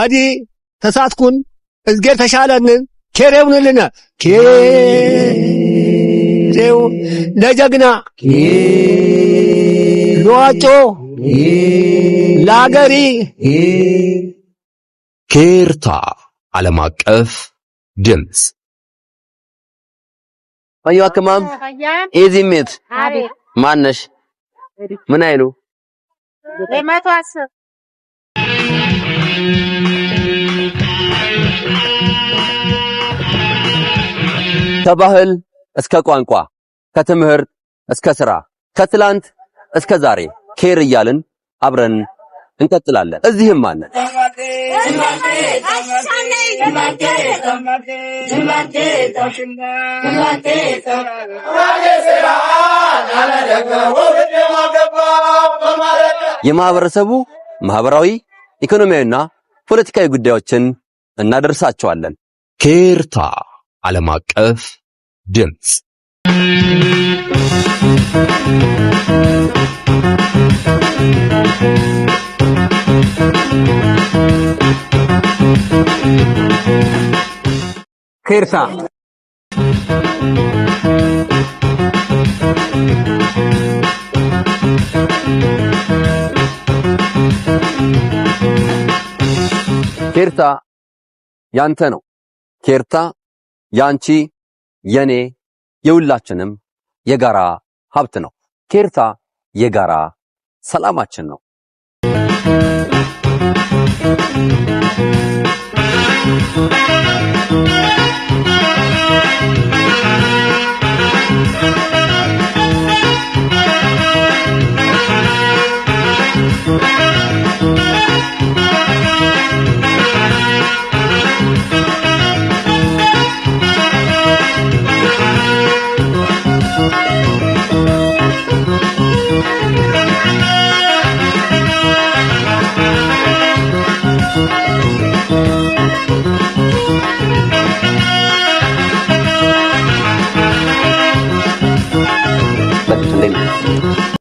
አዲ ተሳትኩን እዝጌር ተሻለንን ኬሬውንልነ ኬሬው ለጀግና ለዋጮ ለአገሪ ኬርታ ዓለም አቀፍ ድምፅ አዩ አከማም ኤዚሜት ማነሽ ምን አይሉ ከባህል እስከ ቋንቋ፣ ከትምህርት እስከ ስራ፣ ከትላንት እስከ ዛሬ ኬር እያልን አብረን እንቀጥላለን። እዚህም አለን። የማህበረሰቡ ማህበራዊ ኢኮኖሚያዊና ፖለቲካዊ ጉዳዮችን እናደርሳቸዋለን። ኬርታ ዓለም አቀፍ ድምፅ ኬርታ ኬርታ ያንተ ነው። ኬርታ ያንቺ፣ የኔ፣ የሁላችንም የጋራ ሀብት ነው። ኬርታ የጋራ ሰላማችን ነው። Thank you.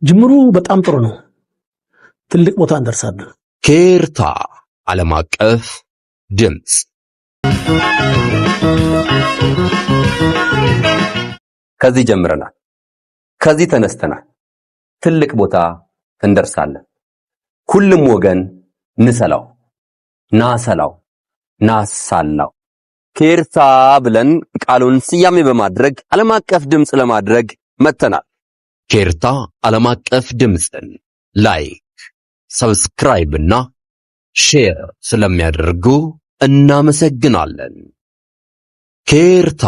ጅምሩ በጣም ጥሩ ነው። ትልቅ ቦታ እንደርሳለን። ኬርታ ዓለም አቀፍ ድምፅ ከዚህ ጀምረናል። ከዚህ ተነስተናል። ትልቅ ቦታ እንደርሳለን። ሁሉም ወገን ንሰላው፣ ናሰላው፣ ናሳላው ከኤርታ ብለን ቃሉን ስያሜ በማድረግ ዓለም አቀፍ ድምፅ ለማድረግ መጥተናል። ኬርታ ዓለም አቀፍ ድምፅን ላይክ፣ ሰብስክራይብ እና ሼር ስለሚያደርጉ እናመሰግናለን። ከኤርታ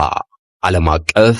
ዓለም አቀፍ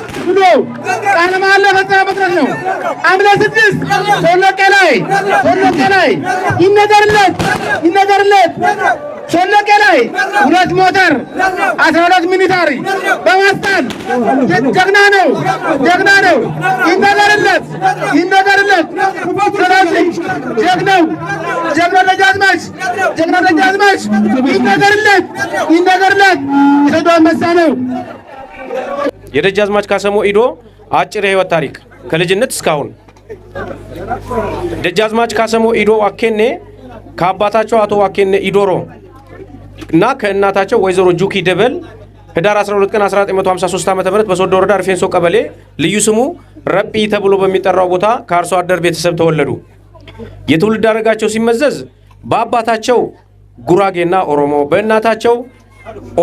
ብሎ ቃል መሃላ ፈጸመ መቅረት ነው። ሐምሌ ስድስት ሾሎቄ ላይ ሾሎቄ ላይ ይነገርለት ይነገርለት ሾሎቄ ላይ ሁለት ሞተር አስራ ሁለት ሚኒታሪ በማስጣል ጀግና ነው ጀግና ነው። ይነገርለት ይነገርለት። ስለዚህ ጀግናው ጀግና ደጃዝማች ጀግና ደጃዝማች ይነገርለት ይነገርለት። የሰዷን መሳ ነው የደጃዝማች ካሰሞ ኢዶ አጭር የህይወት ታሪክ ከልጅነት እስካሁን። ደጃዝማች ካሰሞ ኢዶ ዋኬኔ ከአባታቸው አቶ ዋኬኔ ኢዶሮ እና ከእናታቸው ወይዘሮ ጁኪ ደበል ህዳር 12 ቀን 1953 ዓ ም በሶዶ ወረዳ ርፌንሶ ቀበሌ ልዩ ስሙ ረጲ ተብሎ በሚጠራው ቦታ ከአርሶ አደር ቤተሰብ ተወለዱ። የትውልድ አደረጋቸው ሲመዘዝ በአባታቸው ጉራጌና ኦሮሞ፣ በእናታቸው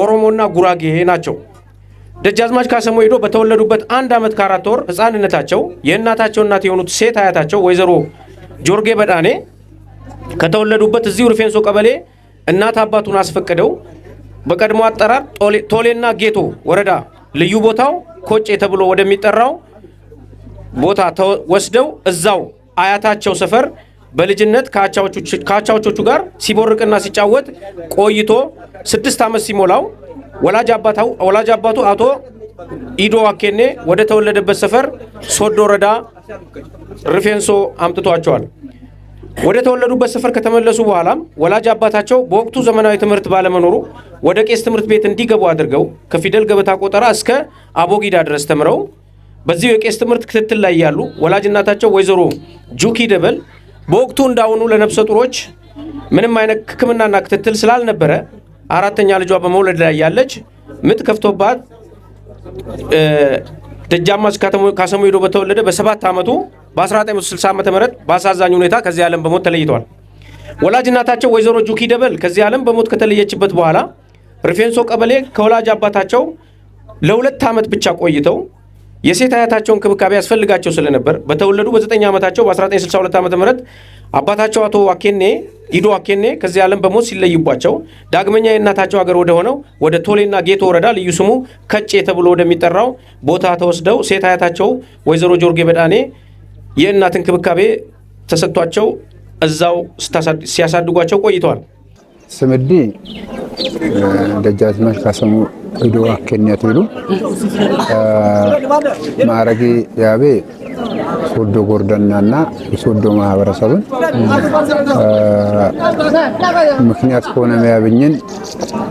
ኦሮሞና ጉራጌ ናቸው። ደጃዝማች ካሰሞ ሄዶ በተወለዱበት አንድ ዓመት ከአራት ወር ሕፃንነታቸው የእናታቸው እናት የሆኑት ሴት አያታቸው ወይዘሮ ጆርጌ በዳኔ ከተወለዱበት እዚሁ ርፌንሶ ቀበሌ እናት አባቱን አስፈቅደው በቀድሞ አጠራር ቶሌና ጌቶ ወረዳ ልዩ ቦታው ኮጬ ተብሎ ወደሚጠራው ቦታ ወስደው እዛው አያታቸው ሰፈር በልጅነት ከአቻዎቹ ጋር ሲቦርቅና ሲጫወት ቆይቶ ስድስት ዓመት ሲሞላው ወላጅ አባቱ አቶ ኢዶ ዋኬኔ ወደ ተወለደበት ሰፈር ሶዶ ወረዳ ሪፌንሶ አምጥቷቸዋል። ወደ ተወለዱበት ሰፈር ከተመለሱ በኋላም ወላጅ አባታቸው በወቅቱ ዘመናዊ ትምህርት ባለመኖሩ ወደ ቄስ ትምህርት ቤት እንዲገቡ አድርገው ከፊደል ገበታ ቆጠራ እስከ አቦጊዳ ድረስ ተምረው በዚሁ የቄስ ትምህርት ክትትል ላይ ያሉ ወላጅ እናታቸው ወይዘሮ ጁኪ ደበል በወቅቱ እንዳሁኑ ለነፍሰ ጡሮች ምንም አይነት ሕክምናና ክትትል ስላልነበረ አራተኛ ልጇ በመውለድ ላይ ያለች ምጥ ከፍቶባት ደጃዝማች ካሰሙ ሄዶ በተወለደ በሰባት ዓመቱ በ1960 ዓ ም በአሳዛኝ ሁኔታ ከዚህ ዓለም በሞት ተለይተዋል። ወላጅ እናታቸው ወይዘሮ ጁኪ ደበል ከዚህ ዓለም በሞት ከተለየችበት በኋላ ሪፌንሶ ቀበሌ ከወላጅ አባታቸው ለሁለት ዓመት ብቻ ቆይተው የሴት አያታቸው እንክብካቤ ያስፈልጋቸው ስለነበር በተወለዱ በ9 ዓመታቸው በ1962 ዓ ም አባታቸው አቶ ዋኬኔ ኢዶ አኬኔ ከዚህ ዓለም በሞት ሲለዩባቸው ዳግመኛ የእናታቸው ሀገር ወደ ሆነው ወደ ቶሌና ጌቶ ወረዳ ልዩ ስሙ ከጬ ተብሎ ወደሚጠራው ቦታ ተወስደው ሴት አያታቸው ወይዘሮ ጆርጌ በዳኔ የእናት እንክብካቤ ተሰጥቷቸው እዛው ሲያሳድጓቸው ቆይተዋል። ስምዲ ደጃዝማች ካሰሙ ሂዶ አኬንያት ይሉ ማዕረጌ ያቤ ሶዶ ጎርደናና የሶዶ ማህበረሰብን ምክንያት ከሆነ ያብኝን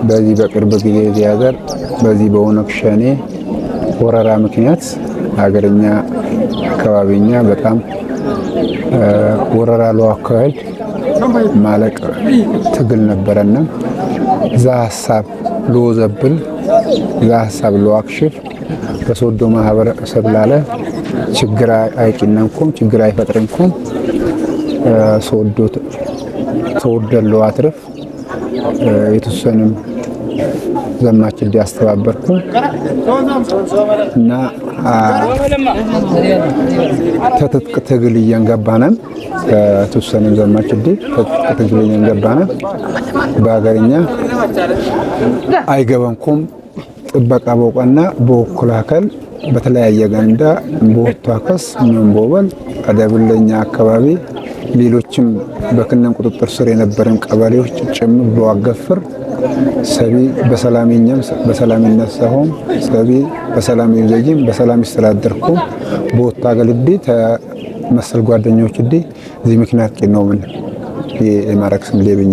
በዚህ በቅርብ ጊዜ ዚያዘር በዚህ በኦነግ ሸኔ ወረራ ምክንያት ሀገርኛ አካባቢኛ በጣም ወረራ ለው አካሄድ ማለቅ ትግል ነበረና እዛ ሀሳብ ልወዘብል እዛ ሀሳብ ልዋክሽፍ በሶዶ ማህበረሰብ ላለ ችግር አይቂነንኩም ችግር አይፈጥርንኩም ሶዶ ተወደለው አትርፍ የተወሰንም ዘማችን አስተባበርኩ እና ተትጥቅ ትግል እየንገባነን ከተወሰነ ዘማች ዴ ከትግርኛ ገባነ በሀገርኛ አይገበንኩም ጥበቃ በውቀና በወኩላከል በተለያየ ገንዳ ምን ሚንቦበል አደብለኛ አካባቢ ሌሎችም በክነን ቁጥጥር ስር የነበረን ቀበሌዎች ጭም በዋገፍር ሰቢ በሰላምኛም በሰላም ይነሳሆም ሰቢ በሰላም ይዘጂም በሰላም ይስተዳደርኩም በወታ ገልቤ መሰል ጓደኞች እንዲ እዚህ ምክንያት ቂ ነው ምን የማረግ ስም ሌብኝ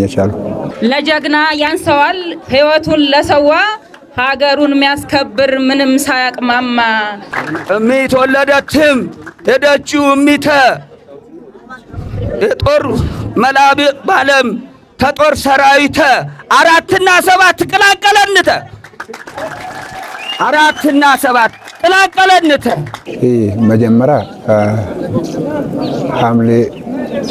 ለጀግና ያንሰዋል ህይወቱን ለሰዋ ሀገሩን የሚያስከብር ምንም ሳያቅማማ እሚት ወለደትም ሄደችው እሚተ የጦር መላብ ባለም ተጦር ሰራዊተ አራትና ሰባት ቅላቀለንተ አራትና ሰባት ጥላቀለንተ መጀመሪያ ሐምሌ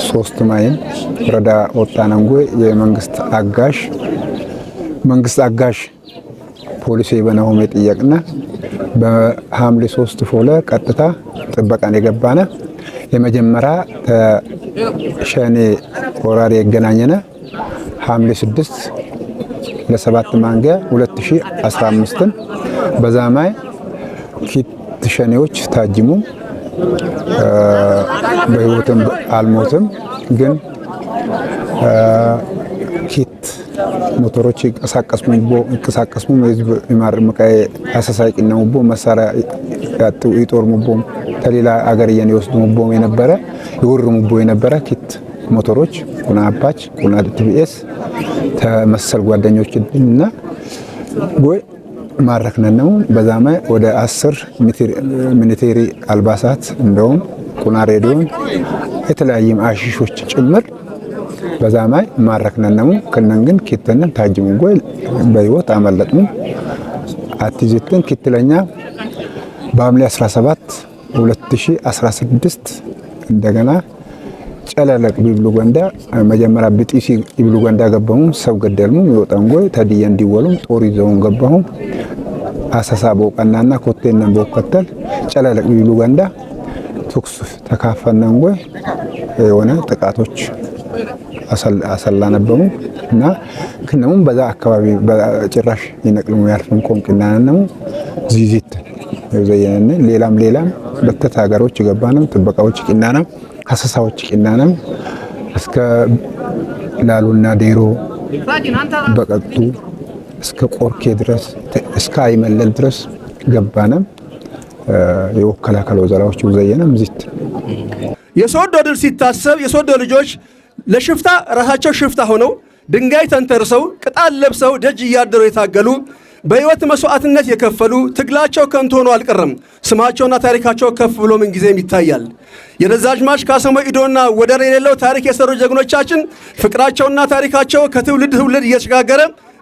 ሶስት ማይን ወረዳ ወጣነንጎ የመንግስት አጋሽ መንግስት አጋሽ ፖሊስ በነሆም የጥየቅና በሐምሌ ሶስት ፎለ ቀጥታ ጥበቃን የገባነ የመጀመሪያ ሸኔ ወራሪ የገናኘነ ሐምሌ ስድስት ለሰባት ማንጊያ 2015 በዛማይ ኪት ሸኔዎች ታጅሙ በህይወትም አልሞትም፣ ግን ኪት ሞተሮች ቦ ይንቀሳቀስሙ ህዝብ ይማርምቃ አሳሳቂነሙቦ መሳሪያ ይጦር ሙቦ ተሌላ አገር የኔ እየን ይወስዱሙቦ የነበረ ይወር ሙቦ የነበረ ኪት ሞተሮች ቁና አባች ቁና ቲቪኤስ ተመሰል ጓደኞች እና ወይ ማረክነን ነው። በዛመ ወደ አስር ሚኒቴሪ አልባሳት እንደውም ቁና ሬዲዮን የተለያየም አሽሾች ጭምር በዛማይ ማረክነን ነው። ከነን ግን ኪተንን ታጅሙ ጎይ በህይወት አመለጥሙ አትጅትን ኪትለኛ በሐምሌ 17 2016 እንደገና ጨለለቅ ቢብሉ ጎንዳ መጀመሪያ ብጢሲ ይብሉ ጎንዳ ገባሁ ሰው ገደልሙ ይወጣን ጎይ ተድየ እንዲወሉ ጦር ይዘውን ገባሁ አሰሳ በውቀናና ኮቴነን በውከተል ጨለለቅ ቢብሉ ጎንዳ ተካፈነን ጎይ የሆነ ጥቃቶች አሰላ ነበሙ እና ክነሙም በዛ አካባቢ ጭራሽ ይነቅልሙ ያልፍም ቆንቅናነሙ ዚዚት ዘየነን ሌላም ሌላም በተት ሀገሮች ገባንም ጥበቃዎች ቂናና ከሰሳዎች ቂናንም እስከ ላሉና ዴሮ በቀጡ እስከ ቆርኬ ድረስ እስከ አይመለል ድረስ ገባንም የወከላከለ ወዘራዎች ዘየንም ዚት የሶዶ ድል ሲታሰብ የሶዶ ልጆች ለሽፍታ ራሳቸው ሽፍታ ሆነው ድንጋይ ተንተርሰው ቅጣት ለብሰው ደጅ እያደረው የታገሉ በሕይወት መሥዋዕትነት የከፈሉ ትግላቸው ከንቱ ሆኖ አልቀረም። ስማቸውና ታሪካቸው ከፍ ብሎ ምንጊዜም ይታያል። የደጃዝማች ካሰሞ ኢዶና ወደር የሌለው ታሪክ የሰሩ ጀግኖቻችን ፍቅራቸውና ታሪካቸው ከትውልድ ትውልድ እየተሸጋገረ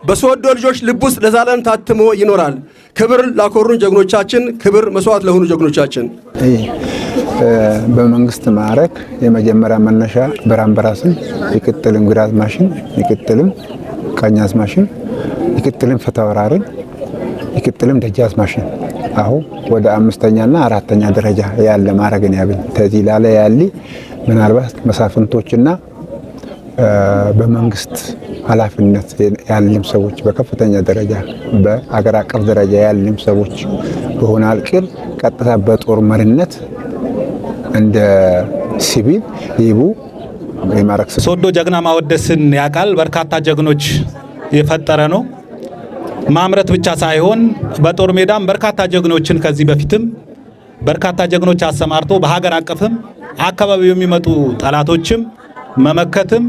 በሶወዶ ልጆች ልብ ውስጥ ለዛለም ታትሞ ይኖራል። ክብር ላኮሩን ጀግኖቻችን፣ ክብር መስዋዕት ለሆኑ ጀግኖቻችን። በመንግስት ማዕረግ የመጀመሪያ መነሻ ብርሃን በራስን፣ ምክትል ግራዝማችን፣ ምክትልም ይቅጥልም ፊታውራሪን ይቅጥልም ደጃዝማች ነው። አሁን ወደ አምስተኛና አራተኛ ደረጃ ያለ ማዕረግን ያብል ተዚህ ላለ ያሊ ምናልባት መሳፍንቶችና በመንግስት ኃላፊነት ያለም ሰዎች በከፍተኛ ደረጃ በአገር አቀፍ ደረጃ ያለም ሰዎች በሆነ አልቅል ቀጥታ በጦር መሪነት እንደ ሲቪል ይቡ ሶዶ ጀግና ማወደስን ያውቃል። በርካታ ጀግኖች የፈጠረ ነው። ማምረት ብቻ ሳይሆን በጦር ሜዳም በርካታ ጀግኖችን ከዚህ በፊትም በርካታ ጀግኖች አሰማርቶ በሀገር አቀፍም አካባቢው የሚመጡ ጠላቶችም መመከትም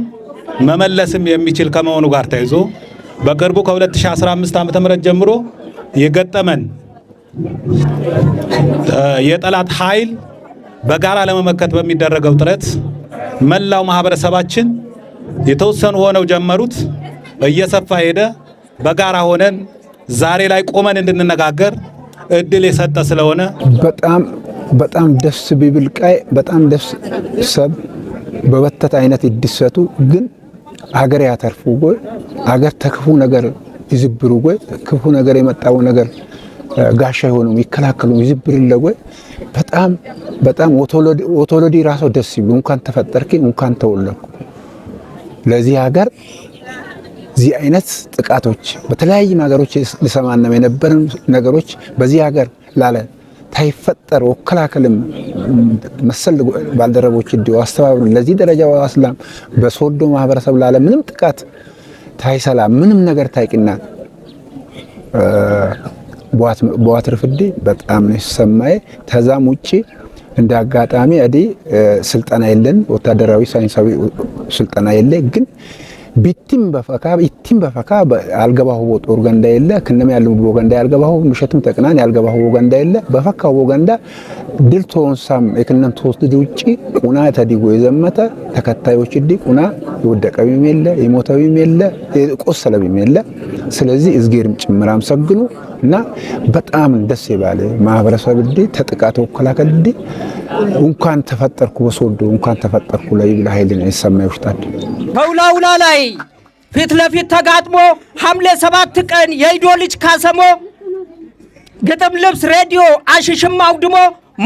መመለስም የሚችል ከመሆኑ ጋር ተይዞ በቅርቡ ከ2015 ዓ ም ጀምሮ የገጠመን የጠላት ኃይል በጋራ ለመመከት በሚደረገው ጥረት መላው ማህበረሰባችን የተወሰኑ ሆነው ጀመሩት እየሰፋ ሄደ። በጋራ ሆነን ዛሬ ላይ ቆመን እንድንነጋገር እድል የሰጠ ስለሆነ በጣም በጣም ደስ ቢብልቃይ በጣም ደስ ሰብ በበተት አይነት ይድሰቱ ግን አገር ያተርፉ ጎይ አገር ተክፉ ነገር ይዝብሩ ጎይ ክፉ ነገር የመጣው ነገር ጋሻ የሆኑም ይከላከሉም ይዝብርን ጎይ በጣም በጣም ኦቶሎዲ ራሱ ደስ ይብሉ እንኳን ተፈጠርኪ እንኳን ተወለኩ ለዚህ ሀገር እዚህ አይነት ጥቃቶች በተለያዩ ሀገሮች ልሰማንም የነበርን ነገሮች በዚህ ሀገር ላለ ታይፈጠር ወከላከልም መሰል ባልደረቦች እንዲሁ አስተባብሩን ለዚህ ደረጃ ዋስላም በሶዶ ማህበረሰብ ላለ ምንም ጥቃት ታይሰላ ምንም ነገር ታይቅና በዋትር ፍዴ በጣም ነው የተሰማዬ። ተዛም ውጭ እንደ አጋጣሚ እዲ ስልጠና የለን ወታደራዊ ሳይንሳዊ ስልጠና የለ ግን ቢቲም በፈካ ኢቲም በፈካ አልገባሁ ጦር ገንዳ የለ ክነም ያለው ብሎ ገንዳ ያልገባሁ ምሸትም ተቅናን ያልገባሁ ገንዳ የለ በፈካው ገንዳ ድል ቶንሳም የክነም ተወስድ ውጪ ቁና ተዲጎ የዘመተ ተከታዮች እዲ ቁና የወደቀቢም የለ የሞተቢም የለ የቆሰለቢም የለ ስለዚህ እዝጌርም ጭምራም ሰግኑ እና በጣም ደስ ይባል ማህበረሰብ እንዲ ተጥቃት ወከላከል እንዲ እንኳን ተፈጠርኩ በሶዶ እንኳን ተፈጠርኩ ላይ ብለ ነው ይሰማ ይውሽጣል ከውላውላ ላይ ፊት ለፊት ተጋጥሞ ሐምሌ ሰባት ቀን የይዶ ልጅ ካሰሞ ግጥም ልብስ ሬዲዮ አሽሽም አውድሞ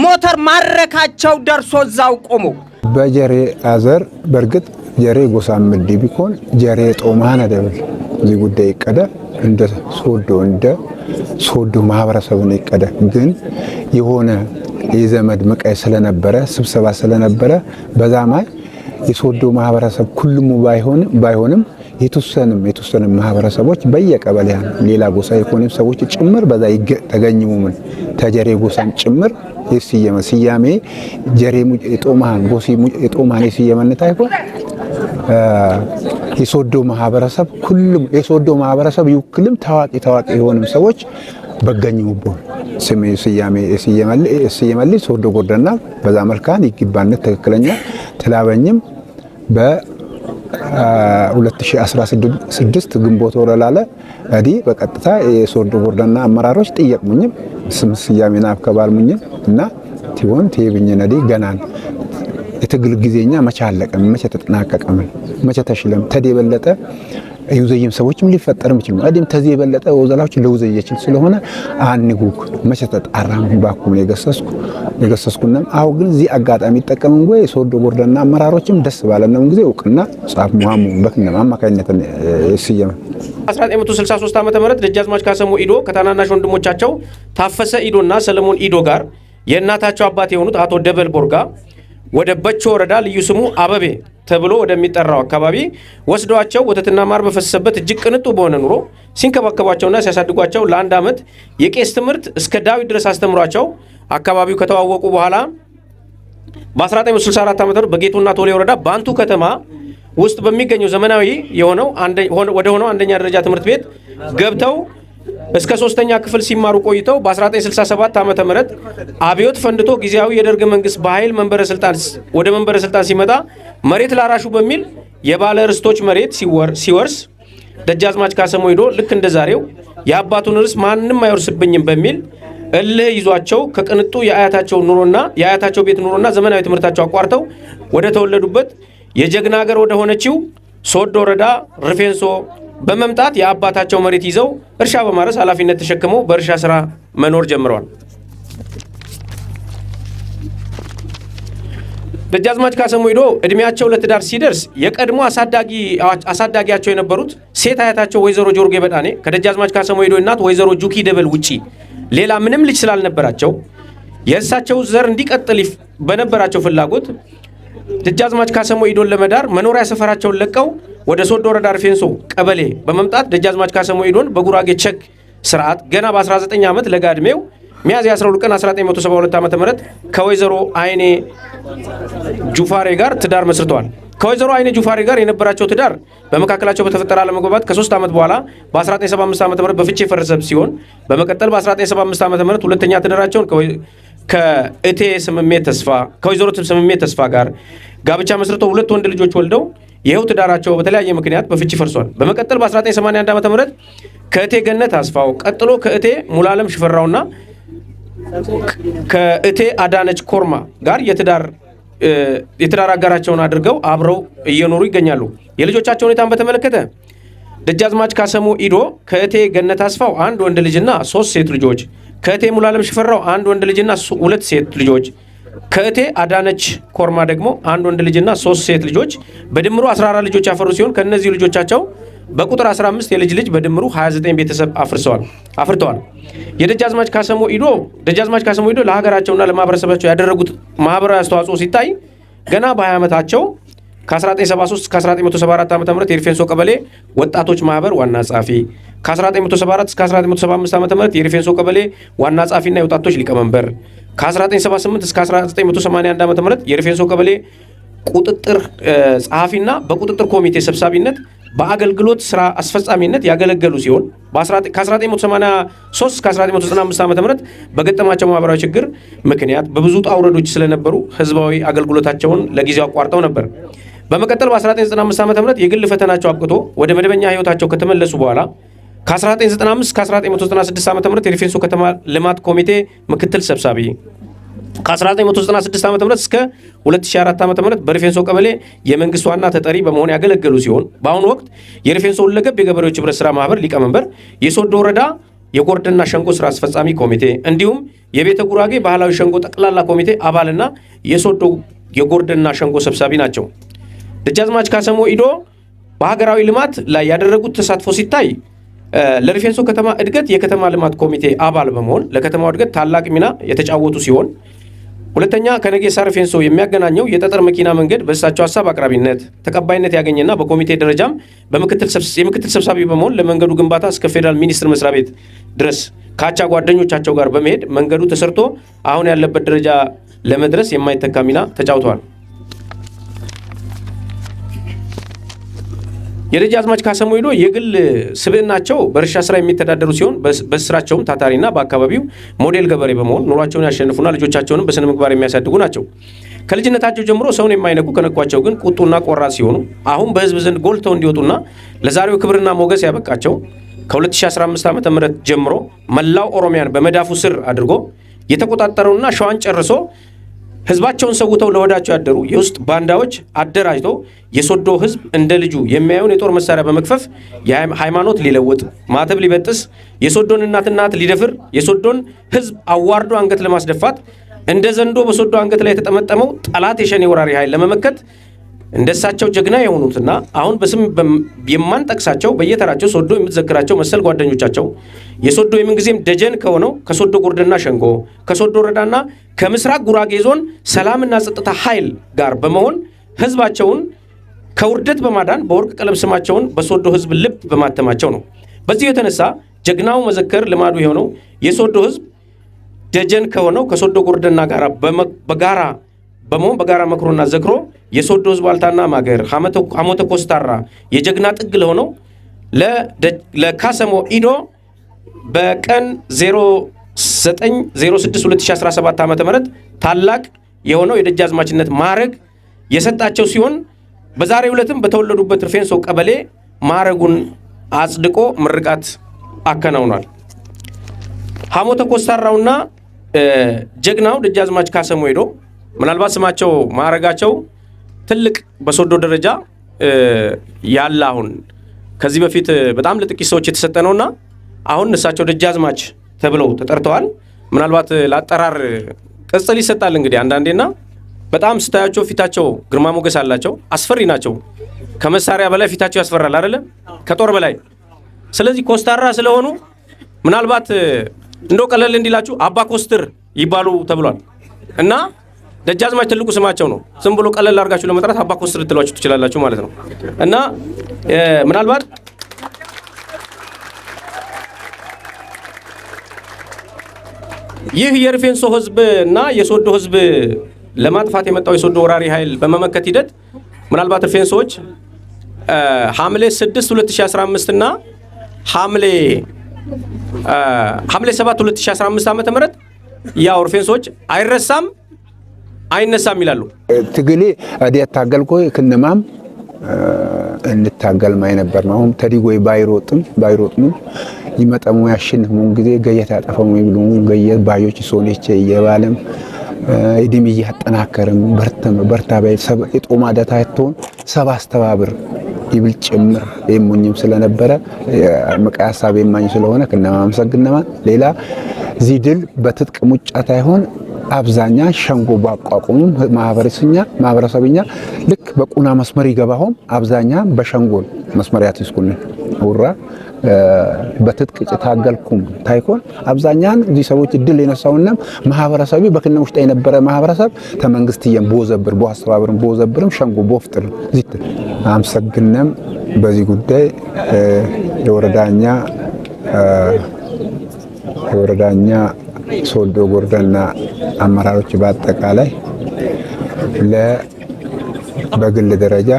ሞተር ማረካቸው ደርሶ እዛው ቆሞ በጀሬ አዘር በርግጥ ጀሬ ጎሳ ምድ ቢኮን ጀሬ ጦማን አደብል እዚህ ጉዳይ ይቀደ እንደ ሶዶ እንደ ሶዶ ማህበረሰቡን ይቀደ። ግን የሆነ የዘመድ መቃይ ስለነበረ ስብሰባ ስለነበረ በዛ ማይ የሶዶ ማህበረሰብ ሁሉም ባይሆንም ባይሆንም የተወሰንም የተወሰንም ማህበረሰቦች በየቀበሌያ ሌላ ጎሳ የኮኔም ሰዎች ጭምር በዛ ተገኝሙ ምን ተጀሬ ጎሳን ጭምር የስየመ ስያሜ ጀሬ የጦማን ጎሲ የጦማን የስየመነት አይኮን የሶዶ ማህበረሰብ ሁሉም የሶዶ ማህበረሰብ ይውክልም ታዋቂ ታዋቂ የሆኑም ሰዎች በገኙቦ ስሜ ስያሜ ስየመልጅ ሶዶ ጎደና በዛ መልካን ይግባነት ትክክለኛ ትላበኝም በ2016 ግንቦት ወር ላለ እዲ በቀጥታ የሶዶ ጎደና አመራሮች ጥየቅሙኝም ስም ስያሜ ስያሜና አብከባልሙኝም እና ቲሆን ቴብኝን እዲ ገናን የትግል ጊዜኛ መቻለቀም መቼ ተጠናቀቀምን መቼ ተሽለም ተዲ የበለጠ የውዘየም ሰዎችም ሊፈጠርም ይችላል። አዲም ተዚህ የበለጠ ወዘላዎች ለውዘየ ስለሆነ አንጉክ መቼ ተጣራም ባኩም የገሰስኩ የገሰስኩና አሁን ግን እዚህ አጋጣሚ ይጠቀምም ወይ ሶዶ ቦርደና አመራሮችም ደስ ባለነው ጊዜ እውቅና ጻፍ ሙሃሙ በክነም አማካኝነት ሲየም 1963 ዓ.ም ደጃዝማች ካሰሙ ኢዶ ከታናናሽ ወንድሞቻቸው ታፈሰ ኢዶና ሰለሞን ኢዶ ጋር የእናታቸው አባት የሆኑት አቶ ደበል ቦርጋ ወደ በቾ ወረዳ ልዩ ስሙ አበቤ ተብሎ ወደሚጠራው አካባቢ ወስደዋቸው ወተትና ማር በፈሰሰበት እጅግ ቅንጡ በሆነ ኑሮ ሲንከባከቧቸውና ሲያሳድጓቸው ለአንድ ዓመት የቄስ ትምህርት እስከ ዳዊት ድረስ አስተምሯቸው አካባቢው ከተዋወቁ በኋላ በ1964 ዓ ም በጌቶና ቶሌ ወረዳ በአንቱ ከተማ ውስጥ በሚገኘው ዘመናዊ የሆነው ወደ ሆነው አንደኛ ደረጃ ትምህርት ቤት ገብተው እስከ ሶስተኛ ክፍል ሲማሩ ቆይተው በ1967 ዓ ም አብዮት ፈንድቶ ጊዜያዊ የደርግ መንግስት በኃይል ወደ መንበረ ስልጣን ሲመጣ መሬት ላራሹ በሚል የባለ ርስቶች መሬት ሲወርስ ደጃዝማች ካሰሞ ሄዶ ልክ እንደ ዛሬው የአባቱን ርስ ማንም አይወርስብኝም በሚል እልህ ይዟቸው ከቅንጡ የአያታቸው ኑሮና የአያታቸው ቤት ኑሮና ዘመናዊ ትምህርታቸው አቋርተው ወደ ተወለዱበት የጀግና ሀገር ወደ ሆነችው ሶዶ ወረዳ ርፌንሶ በመምጣት የአባታቸው መሬት ይዘው እርሻ በማረስ ኃላፊነት ተሸክመው በእርሻ ስራ መኖር ጀምረዋል። ደጃዝማች ካሰሙ ሄዶ እድሜያቸው ለትዳር ሲደርስ የቀድሞ አሳዳጊያቸው የነበሩት ሴት አያታቸው ወይዘሮ ጆርጌ በጣኔ ከደጃዝማች ካሰሙ ሄዶ እናት ወይዘሮ ጁኪ ደበል ውጪ ሌላ ምንም ልጅ ስላልነበራቸው የእርሳቸው ዘር እንዲቀጥል በነበራቸው ፍላጎት ደጃዝማች ካሰሞ ሂዶን ለመዳር መኖሪያ ሰፈራቸውን ለቀው ወደ ሶዶ ወረዳ ርፌንሶ ቀበሌ በመምጣት ደጃዝማች ካሰሞ ኢዶን በጉራጌ ቸግ ስርዓት ገና በ19 ዓመት ለጋ ዕድሜው ሚያዝያ 12 ቀን 1972 ም ከወይዘሮ አይኔ ጁፋሬ ጋር ትዳር መስርተዋል። ከወይዘሮ አይኔ ጁፋሬ ጋር የነበራቸው ትዳር በመካከላቸው በተፈጠረ አለመግባባት ከሶስት ዓመት በኋላ በ1975 ዓ ም በፍቼ የፈረሰ ሲሆን በመቀጠል በ1975 ዓ ም ሁለተኛ ትዳራቸውን ከእቴ ስምሜ ተስፋ ከወይዘሮትም ስምሜ ተስፋ ጋር ጋብቻ መስርተው ሁለት ወንድ ልጆች ወልደው ይኸው ትዳራቸው በተለያየ ምክንያት በፍቺ ፈርሷል። በመቀጠል በ1981 ዓ ም ከእቴ ገነት አስፋው፣ ቀጥሎ ከእቴ ሙላለም ሽፈራውና ከእቴ አዳነች ኮርማ ጋር የትዳር አጋራቸውን አድርገው አብረው እየኖሩ ይገኛሉ። የልጆቻቸው ሁኔታን በተመለከተ ደጃዝማች ካሰሙ ኢዶ ከእቴ ገነት አስፋው አንድ ወንድ ልጅና ሶስት ሴት ልጆች ከእቴ ሙሉዓለም ሽፈራው አንድ ወንድ ልጅና ሁለት ሴት ልጆች ከእቴ አዳነች ኮርማ ደግሞ አንድ ወንድ ልጅና ሶስት ሴት ልጆች በድምሩ 14 ልጆች ያፈሩ ሲሆን ከእነዚህ ልጆቻቸው በቁጥር 15 የልጅ ልጅ በድምሩ 29 ቤተሰብ አፍርሰዋል አፍርተዋል። የደጃዝማች ካሰሞ ኢዶ ደጃዝማች ካሰሞ ኢዶ ለሀገራቸውና ለማህበረሰባቸው ያደረጉት ማህበራዊ አስተዋጽኦ ሲታይ ገና በ20 ዓመታቸው ከ1973 እስከ 1974 ዓ ም የሪፌንሶ ቀበሌ ወጣቶች ማህበር ዋና ጸሐፊ፣ ከ1974 እስከ 1975 ዓ ም የሪፌንሶ ቀበሌ ዋና ጸሐፊና የወጣቶች ሊቀመንበር፣ ከ1978 እስከ 1981 ዓ ም የሪፌንሶ ቀበሌ ቁጥጥር ጸሐፊና በቁጥጥር ኮሚቴ ሰብሳቢነት በአገልግሎት ስራ አስፈጻሚነት ያገለገሉ ሲሆን ከ1983 እስከ 1995 ዓ ም በገጠማቸው ማህበራዊ ችግር ምክንያት በብዙ ውጣ ውረዶች ስለነበሩ ህዝባዊ አገልግሎታቸውን ለጊዜው አቋርጠው ነበር። በመቀጠል በ1995 ዓ ም የግል ፈተናቸው አብቅቶ ወደ መደበኛ ህይወታቸው ከተመለሱ በኋላ ከ1995 እስከ 1996 ዓ ም የሪፌንሶ ከተማ ልማት ኮሚቴ ምክትል ሰብሳቢ ከ1996 ዓ ም እስከ 2004 ዓ ም በሪፌንሶ ቀበሌ የመንግስት ዋና ተጠሪ በመሆን ያገለገሉ ሲሆን በአሁኑ ወቅት የሪፌንሶ ሁለገብ የገበሬዎች ህብረት ስራ ማህበር ሊቀመንበር፣ የሶዶ ወረዳ የጎርደና ሸንጎ ስራ አስፈጻሚ ኮሚቴ እንዲሁም የቤተ ጉራጌ ባህላዊ ሸንጎ ጠቅላላ ኮሚቴ አባልና የሶዶ የጎርደና ሸንጎ ሰብሳቢ ናቸው። ደጃዝማች ካሰሞ ኢዶ በሀገራዊ ልማት ላይ ያደረጉት ተሳትፎ ሲታይ ለሪፌንሶ ከተማ እድገት የከተማ ልማት ኮሚቴ አባል በመሆን ለከተማው እድገት ታላቅ ሚና የተጫወቱ ሲሆን ሁለተኛ ከነጌሳ ሪፌንሶ የሚያገናኘው የጠጠር መኪና መንገድ በእሳቸው ሀሳብ አቅራቢነት ተቀባይነት ያገኘና በኮሚቴ ደረጃም የምክትል ሰብሳቢ በመሆን ለመንገዱ ግንባታ እስከ ፌዴራል ሚኒስትር መስሪያ ቤት ድረስ ካቻ ጓደኞቻቸው ጋር በመሄድ መንገዱ ተሰርቶ አሁን ያለበት ደረጃ ለመድረስ የማይተካ ሚና ተጫውተዋል። አዝማች ካሰሙ ሄዶ የግል ስብዕናቸው በእርሻ ስራ የሚተዳደሩ ሲሆን በስራቸውም ታታሪና በአካባቢው ሞዴል ገበሬ በመሆን ኑሯቸውን ያሸንፉና ልጆቻቸውንም በስነ ምግባር የሚያሳድጉ ናቸው። ከልጅነታቸው ጀምሮ ሰውን የማይነኩ ከነኳቸው ግን ቁጡና ቆራ ሲሆኑ አሁን በህዝብ ዘንድ ጎልተው እንዲወጡና ለዛሬው ክብርና ሞገስ ያበቃቸው ከ2015 ዓ ም ጀምሮ መላው ኦሮሚያን በመዳፉ ስር አድርጎ የተቆጣጠረውና ሸዋን ጨርሶ ህዝባቸውን ሰውተው ለወዳቸው ያደሩ የውስጥ ባንዳዎች አደራጅተው የሶዶ ህዝብ እንደ ልጁ የሚያየውን የጦር መሳሪያ በመክፈፍ ሃይማኖት ሊለውጥ ማተብ ሊበጥስ የሶዶን እናት እናት ሊደፍር የሶዶን ህዝብ አዋርዶ አንገት ለማስደፋት እንደ ዘንዶ በሶዶ አንገት ላይ የተጠመጠመው ጠላት የሸኔ ወራሪ ኃይል ለመመከት እንደሳቸው ጀግና የሆኑትና አሁን በስም የማንጠቅሳቸው በየተራቸው ሶዶ የምትዘክራቸው መሰል ጓደኞቻቸው የሶዶ የምንጊዜም ደጀን ከሆነው ከሶዶ ጎርደና ሸንጎ ከሶዶ ወረዳና ከምስራቅ ጉራጌ ዞን ሰላምና ጸጥታ ኃይል ጋር በመሆን ህዝባቸውን ከውርደት በማዳን በወርቅ ቀለም ስማቸውን በሶዶ ህዝብ ልብ በማተማቸው ነው። በዚህ የተነሳ ጀግናው መዘከር ልማዱ የሆነው የሶዶ ህዝብ ደጀን ከሆነው ከሶዶ ጎርደና ጋር በጋራ በመሆን በጋራ መክሮና ዘክሮ የሶዶ ህዝብ ዋልታና ማገር ሐሞተ ኮስታራ የጀግና ጥግ ለሆነው ለካሰሞ ኢዶ በቀን 09062017 ዓ ም ታላቅ የሆነው የደጃዝማችነት ማዕረግ የሰጣቸው ሲሆን በዛሬ ዕለትም በተወለዱበት ርፌንሶ ቀበሌ ማዕረጉን አጽድቆ ምርቃት አከናውኗል። ሐሞተ ኮስታራውና ጀግናው ደጃዝማች ካሰሞ ኢዶ ምናልባት ስማቸው ማዕረጋቸው ትልቅ በሶዶ ደረጃ ያለ አሁን ከዚህ በፊት በጣም ለጥቂት ሰዎች የተሰጠ ነውና አሁን እሳቸው ደጃዝማች ተብለው ተጠርተዋል። ምናልባት ለአጠራር ቅጽል ይሰጣል እንግዲህ አንዳንዴና በጣም ስታያቸው ፊታቸው ግርማ ሞገስ አላቸው። አስፈሪ ናቸው። ከመሳሪያ በላይ ፊታቸው ያስፈራል አይደለ? ከጦር በላይ ስለዚህ ኮስታራ ስለሆኑ ምናልባት እንደው ቀለል እንዲላችሁ አባ ኮስትር ይባሉ ተብሏል እና ደጃዝማች ትልቁ ስማቸው ነው። ዝም ብሎ ቀለል አድርጋችሁ ለመጥራት አባ ኮስትር ልትሏችሁ ትችላላችሁ ማለት ነው እና ምናልባት ይህ የርፌንሶ ህዝብ እና የሶዶ ህዝብ ለማጥፋት የመጣው የሶዶ ወራሪ ኃይል በመመከት ሂደት ምናልባት ርፌንሶዎች ሐምሌ 6 2015 እና ሐምሌ ሐምሌ 7 2015 ም ያው ርፌንሶች አይረሳም አይነሳም ይላሉ። ትግሌ እዲ ያታገልኮ ክንማም እንታገል ማይ ነበር ነው። አሁን ተዲጎይ ባይሮጥም ባይሮጥም ይመጠሙ ያሽንሙን ጊዜ ገየት ያጠፈሙ ይብሉ ገየት ባዮች ሶኔቼ እየባለም እድም እያጠናከርም በርተም በርታ ባይ ሰብ እጦማ ዳታ ያተውን ሰብ አስተባብር ይብል ጭምር የሙኝም ስለነበረ መቃ ሀሳብ የማኝ ስለሆነ ከነማ አመሰግነማ ሌላ እዚህ ድል በትጥቅ ሙጫ ሳይሆን አብዛኛ ሸንጎ ባቋቁሙ ማህበረሰኛ ማህበረሰብኛ ልክ በቁና መስመር ይገባሁም አብዛኛ በሸንጎ መስመር ያትስኩን ውራ በትጥቅ ጭታገልኩም ታይኮን አብዛኛን እዚህ ሰዎች እድል የነሳውና ማህበረሰቢ በክነ ውሽጣ የነበረ ማህበረሰብ ተመንግስት እየም ቦዘብር ቦአስተባብርም ቦዘብርም ሸንጎ ቦፍጥር ዚት አምሰግነም በዚህ ጉዳይ የወረዳኛ የወረዳኛ የሶዶ ጎርደና አመራሮች በአጠቃላይ በግል ደረጃ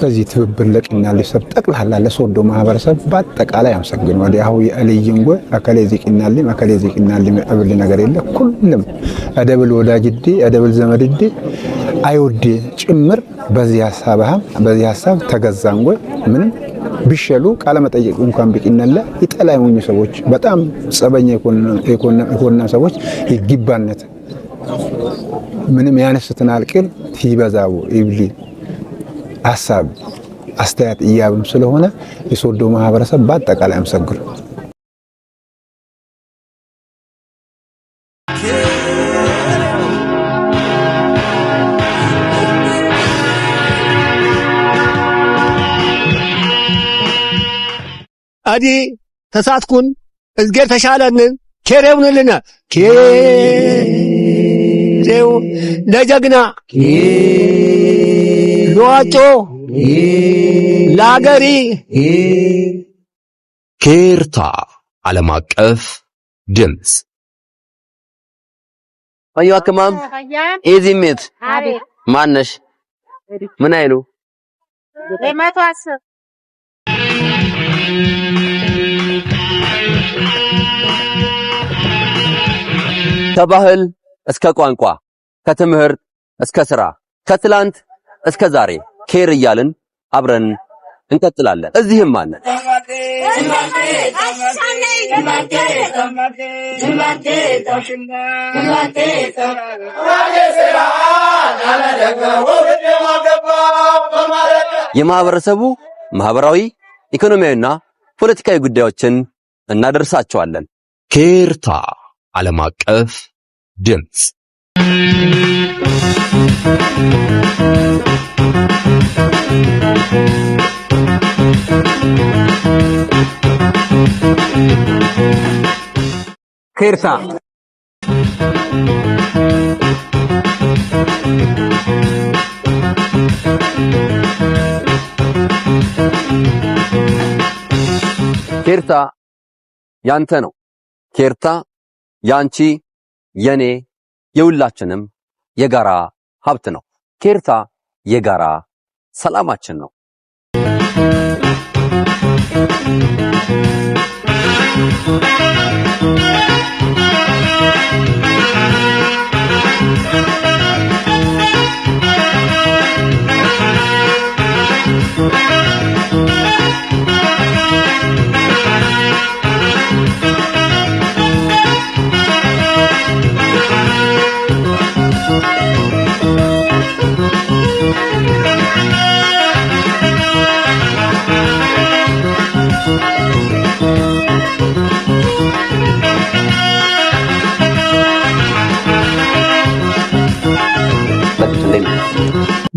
በዚህ ትብብር ለቂና ሊሰብ ጠቅላላ ለሶዶ ማህበረሰብ በአጠቃላይ አመሰግን ወዲ አሁ የአልይንጎ አከሌ ዚቅናልም አከሌ ዚቅናልም አብል ነገር የለ ኩልም አደብል ወዳጅ ወዳጅዲ አደብል ዘመድ ዘመድዲ አይወድ ጭምር በዚህ ሀሳብ በዚህ ሀሳብ ተገዛንጎ ምንም ቢሸሉ ቃለ መጠየቅ እንኳን ቢቅነለ ይጠላ የሆኙ ሰዎች በጣም ጸበኛ የሆና ሰዎች ይግባነት ምንም ያነሱትን አልቅል ይበዛቡ ይብሊ ሀሳብ አስተያየት እያብም ስለሆነ የሶዶ ማህበረሰብ በአጠቃላይ አመሰግናለሁ። ሀዲ ተሳትኩን እዝጌር ተሻለንን ኬሬውንልን ኬሬው ለጀግና ለዋጮ ለአገሪ ኬርታ ዓለም አቀፍ ድምፅ አዩ አከማም ኢዚ ሚት ማነሽ ምን አይሉ ከባህል እስከ ቋንቋ፣ ከትምህርት እስከ ስራ፣ ከትላንት እስከ ዛሬ ኬር እያልን አብረን እንቀጥላለን። እዚህም አለን። የማህበረሰቡ ማህበራዊ ኢኮኖሚያዊና ፖለቲካዊ ጉዳዮችን እናደርሳቸዋለን። ኬርታ ዓለም አቀፍ ድምፅ ኬርታ ኬርታ ያንተ ነው። ኬርታ ያንቺ የኔ የሁላችንም የጋራ ሀብት ነው። ኬርታ የጋራ ሰላማችን ነው።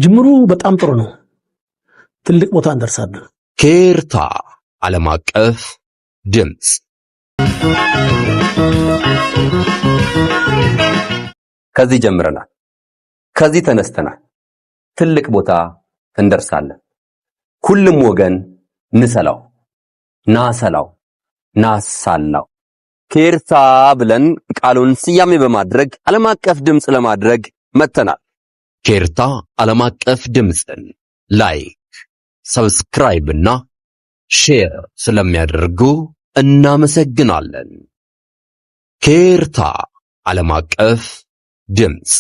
ጅምሩ በጣም ጥሩ ነው። ትልቅ ቦታ እንደርሳለን። ኬርታ ዓለም አቀፍ ድምፅ ከዚህ ጀምረናል። ከዚህ ተነስተናል። ትልቅ ቦታ እንደርሳለን። ሁሉም ወገን ንሰላው፣ ናሰላው፣ ናሳላው ከኤርታ ብለን ቃሉን ስያሜ በማድረግ ዓለም አቀፍ ድምፅ ለማድረግ መጥተናል። ከኤርታ ዓለም አቀፍ ድምፅን ላይክ፣ ሰብስክራይብ እና ሼር ስለሚያደርጉ እናመሰግናለን። ከኤርታ ዓለም አቀፍ ድምፅ